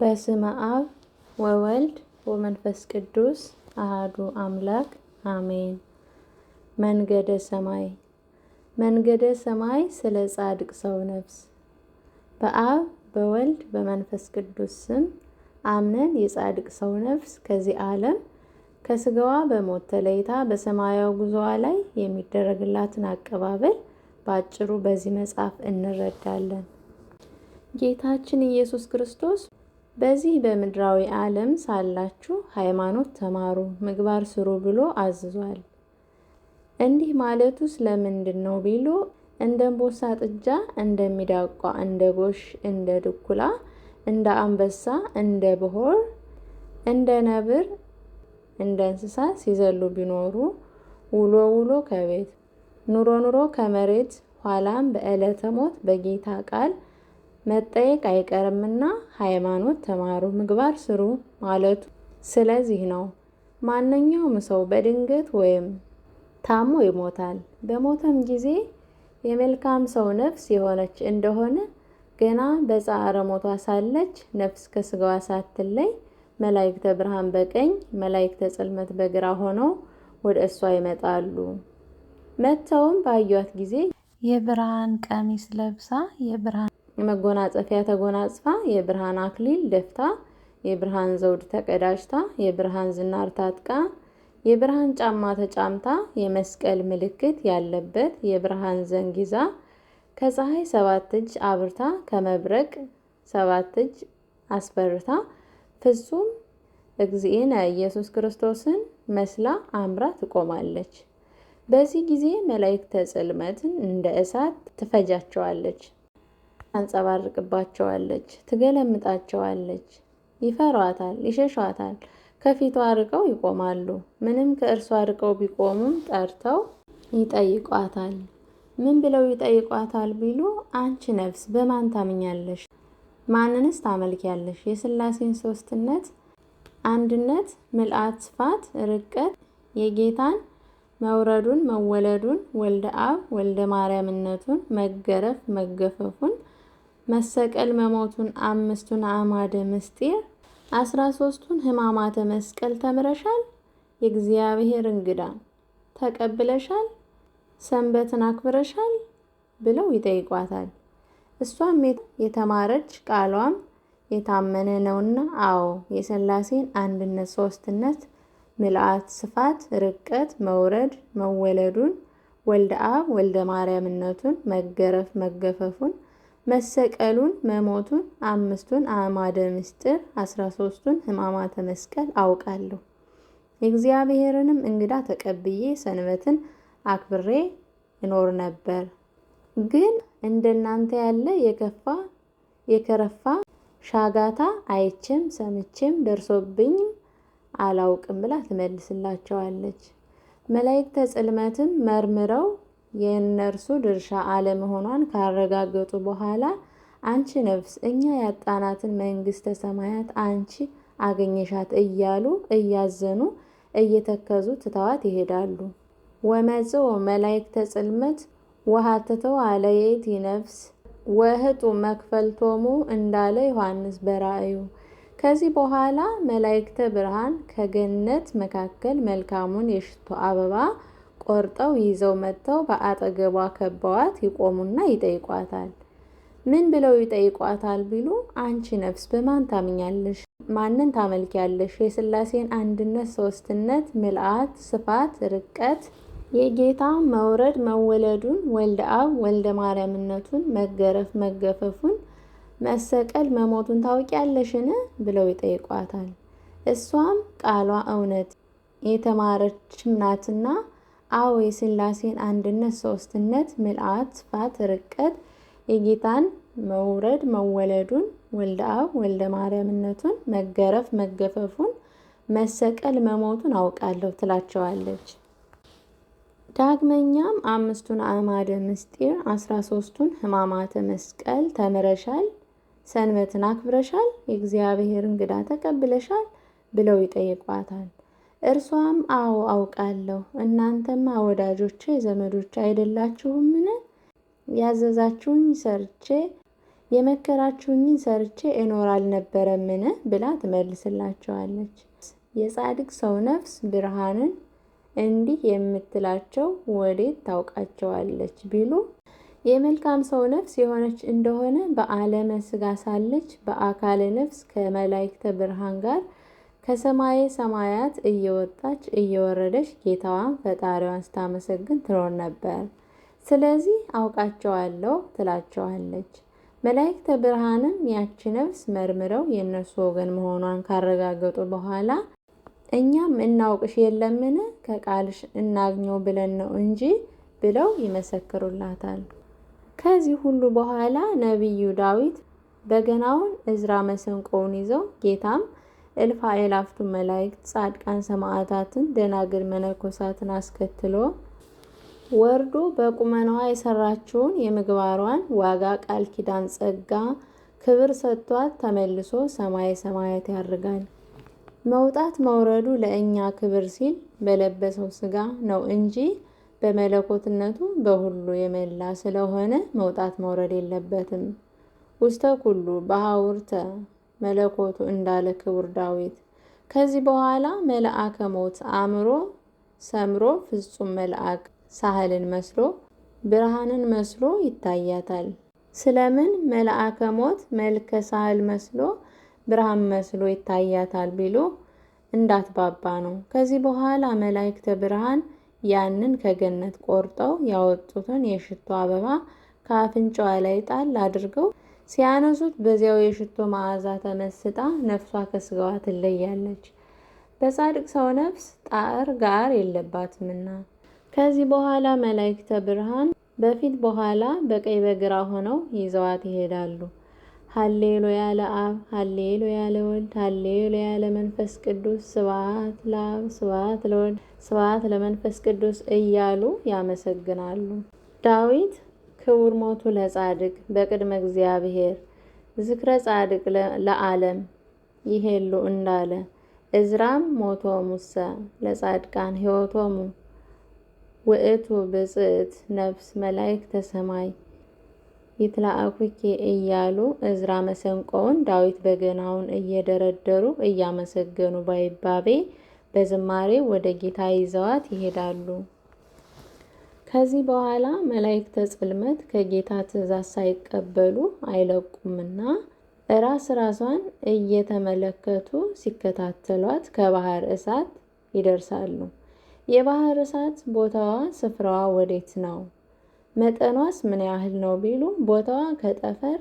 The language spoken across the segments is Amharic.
በስመ አብ ወወልድ ወመንፈስ ቅዱስ አህዱ አምላክ አሜን። መንገደ ሰማይ መንገደ ሰማይ ስለ ጻድቅ ሰው ነፍስ። በአብ በወልድ በመንፈስ ቅዱስ ስም አምነን የጻድቅ ሰው ነፍስ ከዚህ ዓለም ከስጋዋ በሞት ተለይታ በሰማያዊ ጉዞዋ ላይ የሚደረግላትን አቀባበል በአጭሩ በዚህ መጽሐፍ እንረዳለን። ጌታችን ኢየሱስ ክርስቶስ በዚህ በምድራዊ ዓለም ሳላችሁ ሃይማኖት ተማሩ፣ ምግባር ስሩ ብሎ አዝዟል። እንዲህ ማለቱስ ለምንድን ነው ቢሉ እንደ እምቦሳ ጥጃ፣ እንደ ሚዳቋ፣ እንደ ጎሽ፣ እንደ ድኩላ፣ እንደ አንበሳ፣ እንደ ብሆር፣ እንደ ነብር፣ እንደ እንስሳ ሲዘሉ ቢኖሩ ውሎ ውሎ ከቤት ኑሮ ኑሮ ከመሬት ኋላም በዕለተ ሞት በጌታ ቃል መጠየቅ አይቀርምና ሃይማኖት ተማሩ፣ ምግባር ስሩ ማለቱ ስለዚህ ነው። ማንኛውም ሰው በድንገት ወይም ታሞ ይሞታል። በሞተም ጊዜ የመልካም ሰው ነፍስ የሆነች እንደሆነ ገና በጻዕረ ሞቷ ሳለች ነፍስ ከስጋዋ ሳትለይ መላእክተ ብርሃን በቀኝ መላእክተ ጽልመት በግራ ሆነው ወደ እሷ ይመጣሉ። መጥተውም ባዩት ጊዜ የብርሃን ቀሚስ ለብሳ የብርሃን የመጎናጸፊያ ተጎናጽፋ የብርሃን አክሊል ደፍታ የብርሃን ዘውድ ተቀዳጅታ የብርሃን ዝናር ታጥቃ የብርሃን ጫማ ተጫምታ የመስቀል ምልክት ያለበት የብርሃን ዘንግ ይዛ ከፀሐይ ሰባት እጅ አብርታ ከመብረቅ ሰባት እጅ አስበርታ ፍጹም እግዚእነ ኢየሱስ ክርስቶስን መስላ አምራ ትቆማለች። በዚህ ጊዜ መላእክተ ጽልመትን እንደ እሳት ትፈጃቸዋለች። ታንጸባርቅባቸዋለች፣ ትገለምጣቸዋለች። ይፈሯታል፣ ይሸሿታል። ከፊቷ አርቀው ይቆማሉ። ምንም ከእርሷ አርቀው ቢቆሙም ጠርተው ይጠይቋታል። ምን ብለው ይጠይቋታል ቢሉ አንቺ ነፍስ በማን ታምኛለሽ? ማንንስ ታመልኪያለሽ? የስላሴን ሶስትነት፣ አንድነት፣ ምልአት፣ ስፋት፣ ርቀት፣ የጌታን መውረዱን፣ መወለዱን፣ ወልደ አብ ወልደ ማርያምነቱን፣ መገረፍ መገፈፉን መሰቀል መሞቱን አምስቱን አዕማደ ምስጢር አስራ ሶስቱን ህማማተ መስቀል ተምረሻል። የእግዚአብሔር እንግዳ ተቀብለሻል፣ ሰንበትን አክብረሻል ብለው ይጠይቋታል። እሷም የተማረች ቃሏም የታመነ ነውና፣ አዎ የሥላሴን አንድነት፣ ሶስትነት፣ ምልአት፣ ስፋት፣ ርቀት፣ መውረድ፣ መወለዱን፣ ወልደ አብ ወልደ ማርያምነቱን፣ መገረፍ መገፈፉን መሰቀሉን፣ መሞቱን፣ አምስቱን አማደ ምስጢር፣ አስራ ሶስቱን ሕማማተ መስቀል አውቃለሁ። የእግዚአብሔርንም እንግዳ ተቀብዬ ሰንበትን አክብሬ እኖር ነበር። ግን እንደናንተ ያለ የከፋ የከረፋ ሻጋታ አይቼም ሰምቼም ደርሶብኝም አላውቅም ብላ ትመልስላቸዋለች። መላእክተ ጽልመትም መርምረው የእነርሱ ድርሻ አለመሆኗን ካረጋገጡ በኋላ አንቺ ነፍስ እኛ ያጣናትን መንግስተ ሰማያት አንቺ አገኘሻት እያሉ እያዘኑ እየተከዙ ትተዋት ይሄዳሉ። ወመጽኡ መላእክተ ጽልመት ወሃተተው አለየት ነፍስ ወህጡ መክፈልቶሙ እንዳለ ዮሐንስ በራእዩ። ከዚህ በኋላ መላእክተ ብርሃን ከገነት መካከል መልካሙን የሽቶ አበባ ቆርጠው ይዘው መጥተው በአጠገቧ ከበዋት ይቆሙና ይጠይቋታል። ምን ብለው ይጠይቋታል ቢሉ አንቺ ነፍስ በማን ታምኛለሽ? ማንን ታመልኪያለሽ? የስላሴን አንድነት፣ ሶስትነት፣ ምልአት፣ ስፋት፣ ርቀት የጌታ መውረድ መወለዱን፣ ወልደ አብ ወልደ ማርያምነቱን፣ መገረፍ መገፈፉን፣ መሰቀል መሞቱን ታውቂያለሽን? ብለው ይጠይቋታል። እሷም ቃሏ እውነት የተማረችም ናትና አዎ የስላሴን አንድነት፣ ሶስትነት ምልአት፣ ስፋት፣ ርቀት የጌታን መውረድ መወለዱን ወልደ አብ ወልደ ማርያምነቱን መገረፍ መገፈፉን መሰቀል መሞቱን አውቃለሁ ትላቸዋለች። ዳግመኛም አምስቱን አእማደ ምስጢር አስራ ሦስቱን ህማማተ መስቀል ተምረሻል፣ ሰንበትን አክብረሻል፣ የእግዚአብሔር እንግዳ ተቀብለሻል ብለው ይጠይቋታል። እርሷም አዎ አውቃለሁ፣ እናንተማ ወዳጆቼ ዘመዶቼ አይደላችሁምን? ያዘዛችሁኝ ሰርቼ የመከራችሁኝን ሰርቼ እኖር አልነበረምን? ብላ ትመልስላቸዋለች። የጻድቅ ሰው ነፍስ ብርሃንን እንዲህ የምትላቸው ወዴት ታውቃቸዋለች ቢሉ የመልካም ሰው ነፍስ የሆነች እንደሆነ በዓለመ ስጋ ሳለች በአካለ ነፍስ ከመላእክተ ብርሃን ጋር ከሰማየ ሰማያት እየወጣች እየወረደች ጌታዋን ፈጣሪዋን ስታመሰግን ትኖር ነበር። ስለዚህ አውቃቸዋለሁ ትላቸዋለች። መላእክተ ብርሃንም ያቺ ነፍስ መርምረው የእነርሱ ወገን መሆኗን ካረጋገጡ በኋላ እኛም እናውቅሽ የለምን ከቃልሽ እናግኘው ብለን ነው እንጂ ብለው ይመሰክሩላታል። ከዚህ ሁሉ በኋላ ነቢዩ ዳዊት በገናውን፣ እዝራ መሰንቆውን ይዘው ጌታም እልፍ አእላፍቱ መላእክት፣ ጻድቃን፣ ሰማዕታትን፣ ደናግል፣ መነኮሳትን አስከትሎ ወርዶ በቁመናዋ የሰራችውን የምግባሯን ዋጋ ቃል ኪዳን ጸጋ ክብር ሰጥቷት ተመልሶ ሰማይ ሰማያት ያርጋል። መውጣት መውረዱ ለእኛ ክብር ሲል በለበሰው ስጋ ነው እንጂ በመለኮትነቱ በሁሉ የመላ ስለሆነ መውጣት መውረድ የለበትም። ውስተ ኩሉ በሀውርተ መለኮቱ እንዳለ ክቡር ዳዊት። ከዚህ በኋላ መልአከ ሞት አእምሮ ሰምሮ ፍጹም መልአክ ሳህልን መስሎ ብርሃንን መስሎ ይታያታል። ስለምን መልአከ ሞት መልከ ሳህል መስሎ ብርሃን መስሎ ይታያታል ቢሉ እንዳትባባ ነው። ከዚህ በኋላ መላእክተ ብርሃን ያንን ከገነት ቆርጠው ያወጡትን የሽቶ አበባ ከአፍንጫዋ ላይ ጣል አድርገው ሲያነሱት በዚያው የሽቶ መዓዛ ተመስጣ ነፍሷ ከስጋዋ ትለያለች። በጻድቅ ሰው ነፍስ ጣዕር ጋር የለባትምና። ከዚህ በኋላ መላእክተ ብርሃን በፊት በኋላ በቀኝ በግራ ሆነው ይዘዋት ይሄዳሉ። ሃሌሉያ ለአብ፣ ሃሌሉያ ለወልድ፣ ሃሌሉያ ለመንፈስ ቅዱስ፣ ስብሐት ለአብ፣ ስብሐት ለወልድ፣ ስብሐት ለመንፈስ ቅዱስ እያሉ ያመሰግናሉ። ዳዊት ክቡር ሞቱ ለጻድቅ በቅድመ እግዚአብሔር ዝክረ ጻድቅ ለዓለም ይሄሉ እንዳለ እዝራም ሞቶ ሰ ለጻድቃን ሕይወቶሙ ውእቱ ብፅዕት ነፍስ መላእክተ ሰማይ ይትላእኩኪ እያሉ እዝራ መሰንቆውን ዳዊት በገናውን እየደረደሩ እያመሰገኑ ባይባቤ በዝማሬ ወደ ጌታ ይዘዋት ይሄዳሉ። ከዚህ በኋላ መላእክተ ጽልመት ከጌታ ትእዛዝ ሳይቀበሉ አይለቁምና ራስ ራሷን እየተመለከቱ ሲከታተሏት ከባህር እሳት ይደርሳሉ። የባህር እሳት ቦታዋ፣ ስፍራዋ ወዴት ነው? መጠኗስ ምን ያህል ነው ቢሉ ቦታዋ ከጠፈር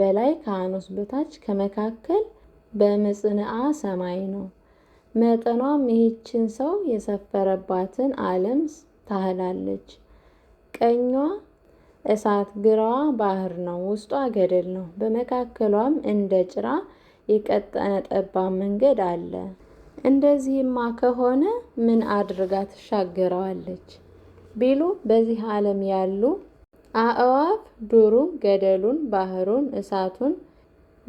በላይ ከአኖስ በታች ከመካከል በምጽንአ ሰማይ ነው። መጠኗም ይህችን ሰው የሰፈረባትን ዓለም ታህላለች። ቀኟ እሳት ግራዋ ባህር ነው፣ ውስጧ ገደል ነው። በመካከሏም እንደ ጭራ የቀጠነ ጠባብ መንገድ አለ። እንደዚህማ ከሆነ ምን አድርጋ ትሻገረዋለች? ቢሉ በዚህ ዓለም ያሉ አእዋፍ ዱሩን፣ ገደሉን፣ ባህሩን፣ እሳቱን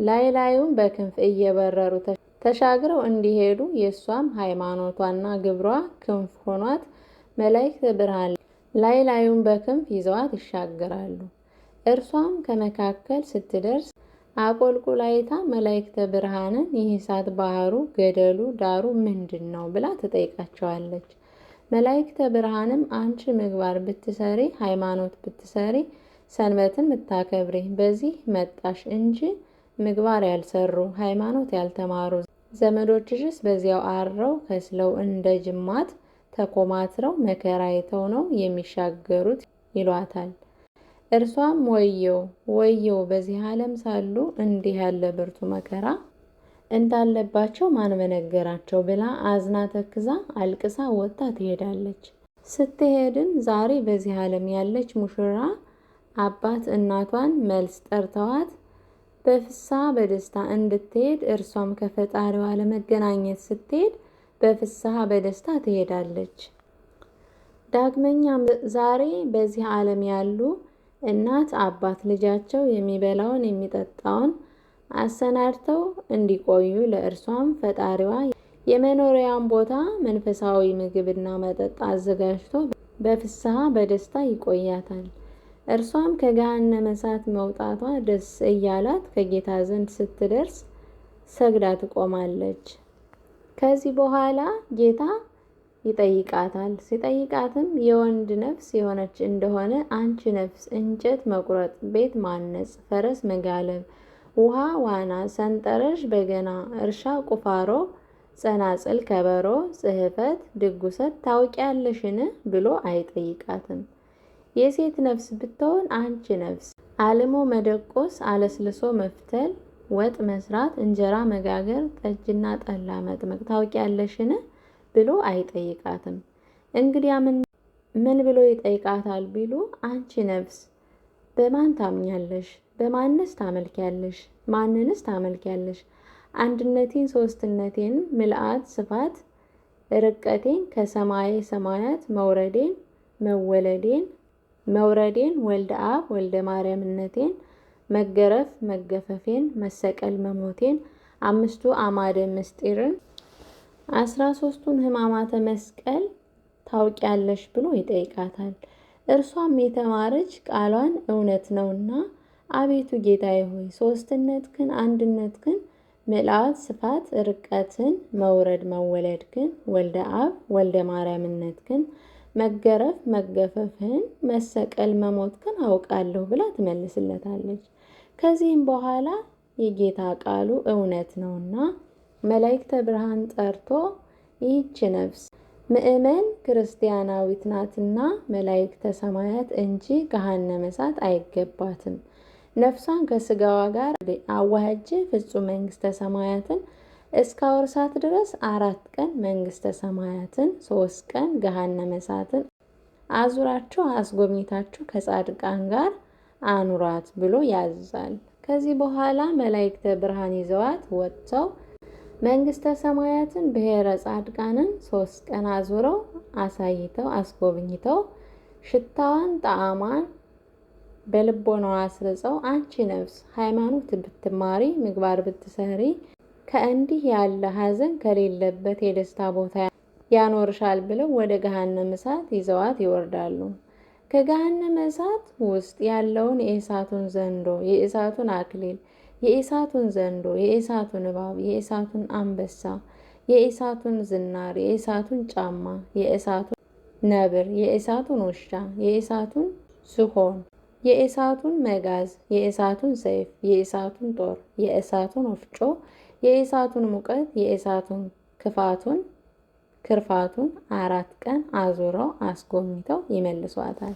ላይ ላዩን በክንፍ እየበረሩ ተሻግረው እንዲሄዱ የእሷም ሃይማኖቷና ግብሯ ክንፍ ሆኗት መላእክት ብርሃን ላይ ላዩን በክንፍ ይዘዋት ይሻገራሉ። እርሷም ከመካከል ስትደርስ አቆልቁላይታ መላእክተ ብርሃንን ይህ እሳት ባህሩ፣ ገደሉ፣ ዳሩ ምንድን ነው ብላ ትጠይቃቸዋለች። መላእክተ ብርሃንም አንቺ ምግባር ብትሰሪ፣ ሃይማኖት ብትሰሪ፣ ሰንበትን ብታከብሪ በዚህ መጣሽ እንጂ ምግባር ያልሰሩ ሃይማኖት ያልተማሩ ዘመዶችሽስ በዚያው አረው ከስለው እንደ ጅማት ተኮማትረው መከራ አይተው ነው የሚሻገሩት ይሏታል። እርሷም ወየው ወየው በዚህ ዓለም ሳሉ እንዲህ ያለ ብርቱ መከራ እንዳለባቸው ማን በነገራቸው ብላ አዝና ተክዛ አልቅሳ ወጥታ ትሄዳለች። ስትሄድም ዛሬ በዚህ ዓለም ያለች ሙሽራ አባት እናቷን መልስ ጠርተዋት በፍሳ በደስታ እንድትሄድ እርሷም ከፈጣሪዋ ለመገናኘት ስትሄድ በፍስሐ በደስታ ትሄዳለች። ዳግመኛም ዛሬ በዚህ ዓለም ያሉ እናት አባት ልጃቸው የሚበላውን የሚጠጣውን አሰናድተው እንዲቆዩ ለእርሷም ፈጣሪዋ የመኖሪያን ቦታ መንፈሳዊ ምግብና መጠጥ አዘጋጅቶ በፍስሐ በደስታ ይቆያታል። እርሷም ከገሃነመ እሳት መውጣቷ ደስ እያላት ከጌታ ዘንድ ስትደርስ ሰግዳ ትቆማለች። ከዚህ በኋላ ጌታ ይጠይቃታል። ሲጠይቃትም የወንድ ነፍስ የሆነች እንደሆነ አንቺ ነፍስ እንጨት መቁረጥ፣ ቤት ማነጽ፣ ፈረስ መጋለብ፣ ውሃ ዋና፣ ሰንጠረዥ፣ በገና፣ እርሻ፣ ቁፋሮ፣ ጸናጽል፣ ከበሮ፣ ጽህፈት ድጉሰት ታውቂያለሽን ብሎ አይጠይቃትም። የሴት ነፍስ ብትሆን አንቺ ነፍስ አልሞ መደቆስ፣ አለስልሶ መፍተል ወጥ መስራት፣ እንጀራ መጋገር፣ ጠጅና ጠላ መጥመቅ ታውቂያለሽን ብሎ አይጠይቃትም። እንግዲያ ምን ብሎ ይጠይቃታል ቢሉ አንቺ ነፍስ በማን ታምኛለሽ? በማንስ ታመልኪያለሽ? ማንንስ ታመልኪያለሽ? አንድነቴን፣ ሶስትነቴን፣ ምልአት፣ ስፋት፣ ርቀቴን፣ ከሰማይ ሰማያት መውረዴን፣ መወለዴን፣ መውረዴን፣ ወልደ አብ ወልደ ማርያምነቴን መገረፍ መገፈፌን፣ መሰቀል መሞቴን፣ አምስቱ አማደ ምስጢርን፣ አስራ ሶስቱን ህማማተ መስቀል ታውቂያለሽ ብሎ ይጠይቃታል። እርሷም የተማረች ቃሏን እውነት ነውና አቤቱ ጌታዬ ሆይ አንድነት አንድነትህን ምልአት ስፋት ርቀትን መውረድ መወለድክን ወልደ አብ ወልደ ማርያምነትክን መገረፍ መገፈፍህን መሰቀል መሞትክን አውቃለሁ ብላ ትመልስለታለች። ከዚህም በኋላ የጌታ ቃሉ እውነት ነውና መላእክተ ብርሃን ጠርቶ ይህች ነፍስ ምእመን ክርስቲያናዊት ናትና መላእክተ ሰማያት እንጂ ገሃነመ እሳት አይገባትም። ነፍሷን ከስጋዋ ጋር አዋህጄ ፍጹም መንግስተ ሰማያትን እስካወርሳት ድረስ አራት ቀን መንግስተ ሰማያትን ሶስት ቀን ገሃነመ እሳትን አዙራችሁ አስጎብኝታችሁ ከጻድቃን ጋር አኑራት ብሎ ያዛል። ከዚህ በኋላ መላእክተ ብርሃን ይዘዋት ወጥተው መንግስተ ሰማያትን ብሔረ ጻድቃንን ሶስት ቀን አዙረው አሳይተው አስጎብኝተው ሽታዋን ጣዕሟን በልቦናዋ አስርጸው አንቺ ነፍስ ሃይማኖት ብትማሪ ምግባር ብትሰሪ ከእንዲህ ያለ ሀዘን ከሌለበት የደስታ ቦታ ያኖርሻል ብለው ወደ ገሃነመ እሳት ይዘዋት ይወርዳሉ። ከገሃነመ እሳት ውስጥ ያለውን የእሳቱን ዘንዶ፣ የእሳቱን አክሊል፣ የእሳቱን ዘንዶ፣ የእሳቱን እባብ፣ የእሳቱን አንበሳ፣ የእሳቱን ዝናር፣ የእሳቱን ጫማ፣ የእሳቱን ነብር፣ የእሳቱን ውሻ፣ የእሳቱን ዝሆን፣ የእሳቱን መጋዝ፣ የእሳቱን ሰይፍ፣ የእሳቱን ጦር፣ የእሳቱን ወፍጮ፣ የእሳቱን ሙቀት፣ የእሳቱን ክፋቱን ክርፋቱን አራት ቀን አዙረው አስጎምተው ይመልሷታል።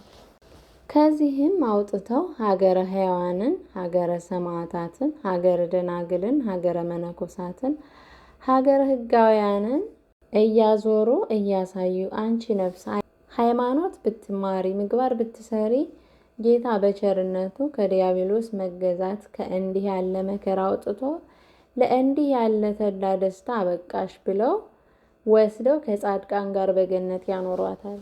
ከዚህም አውጥተው ሀገረ ሕያዋንን፣ ሀገረ ሰማዕታትን፣ ሀገረ ደናግልን፣ ሀገረ መነኮሳትን፣ ሀገረ ሕጋውያንን እያዞሩ እያሳዩ አንቺ ነፍስ ሃይማኖት ብትማሪ ምግባር ብትሰሪ ጌታ በቸርነቱ ከዲያብሎስ መገዛት ከእንዲህ ያለ መከራ አውጥቶ ለእንዲህ ያለ ተድላ ደስታ አበቃሽ ብለው ወስደው ከጻድቃን ጋር በገነት ያኖሯታል።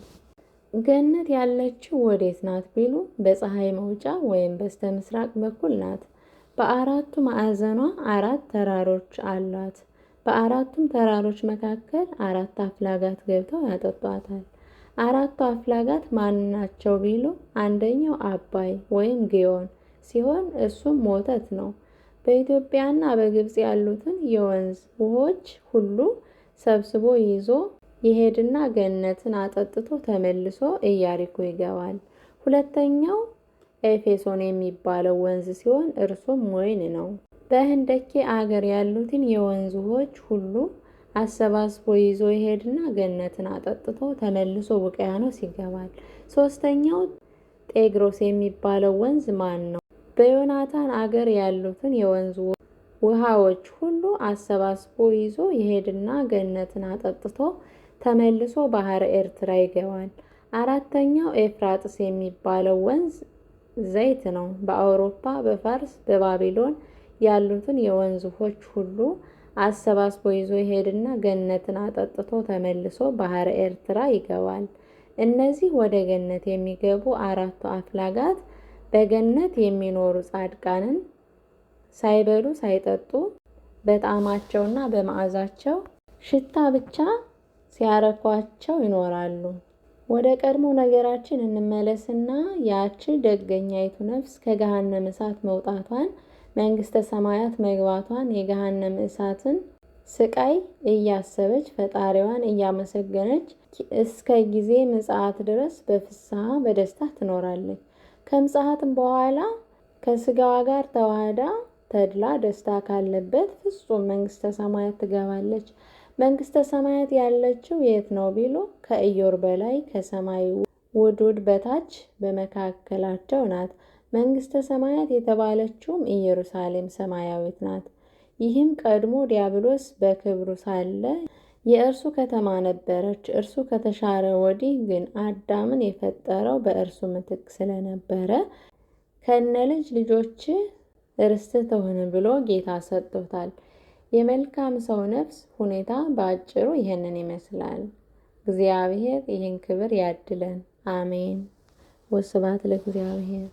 ገነት ያለችው ወዴት ናት ቢሉ በፀሐይ መውጫ ወይም በስተ ምስራቅ በኩል ናት። በአራቱ ማዕዘኗ አራት ተራሮች አሏት። በአራቱም ተራሮች መካከል አራት አፍላጋት ገብተው ያጠጧታል። አራቱ አፍላጋት ማን ናቸው ቢሉ አንደኛው አባይ ወይም ግዮን ሲሆን እሱም ሞተት ነው። በኢትዮጵያና በግብፅ ያሉትን የወንዝ ውሆች ሁሉ ሰብስቦ ይዞ ይሄድና ገነትን አጠጥቶ ተመልሶ ኢያሪኮ ይገባል። ሁለተኛው ኤፌሶን የሚባለው ወንዝ ሲሆን እርሱም ወይን ነው። በህንደኬ አገር ያሉትን የወንዝ ውሆች ሁሉ አሰባስቦ ይዞ ይሄድና ገነትን አጠጥቶ ተመልሶ ውቅያኖስ ይገባል። ሶስተኛው ጤግሮስ የሚባለው ወንዝ ማን ነው? በዮናታን አገር ያሉትን የወንዝ ውሃዎች ሁሉ አሰባስቦ ይዞ ይሄድና ገነትን አጠጥቶ ተመልሶ ባህረ ኤርትራ ይገባል። አራተኛው ኤፍራጥስ የሚባለው ወንዝ ዘይት ነው። በአውሮፓ፣ በፋርስ፣ በባቢሎን ያሉትን የወንዝ ውሆች ሁሉ አሰባስቦ ይዞ ይሄድና ገነትን አጠጥቶ ተመልሶ ባህረ ኤርትራ ይገባል። እነዚህ ወደ ገነት የሚገቡ አራቱ አፍላጋት በገነት የሚኖሩ ጻድቃንን ሳይበሉ ሳይጠጡ በጣዕማቸውና በመዓዛቸው ሽታ ብቻ ሲያረኳቸው ይኖራሉ። ወደ ቀድሞ ነገራችን እንመለስና ያቺ ደገኛይቱ ነፍስ ከገሃነም እሳት መውጣቷን መንግስተ ሰማያት መግባቷን የገሃነም እሳትን ስቃይ እያሰበች ፈጣሪዋን እያመሰገነች እስከ ጊዜ ምጽአት ድረስ በፍስሐ በደስታ ትኖራለች። ከምጽአትም በኋላ ከስጋዋ ጋር ተዋህዳ ተድላ ደስታ ካለበት ፍጹም መንግስተ ሰማያት ትገባለች። መንግስተ ሰማያት ያለችው የት ነው ቢሉ ከኢዮር በላይ ከሰማይ ውዱድ በታች በመካከላቸው ናት። መንግስተ ሰማያት የተባለችውም ኢየሩሳሌም ሰማያዊት ናት። ይህም ቀድሞ ዲያብሎስ በክብሩ ሳለ የእርሱ ከተማ ነበረች። እርሱ ከተሻረ ወዲህ ግን አዳምን የፈጠረው በእርሱ ምትክ ስለነበረ ከነ ልጅ ልጆች ርስትህ ተሆነ ብሎ ጌታ ሰጥቶታል። የመልካም ሰው ነፍስ ሁኔታ በአጭሩ ይህንን ይመስላል። እግዚአብሔር ይህን ክብር ያድለን። አሜን። ወስብሐት ለእግዚአብሔር።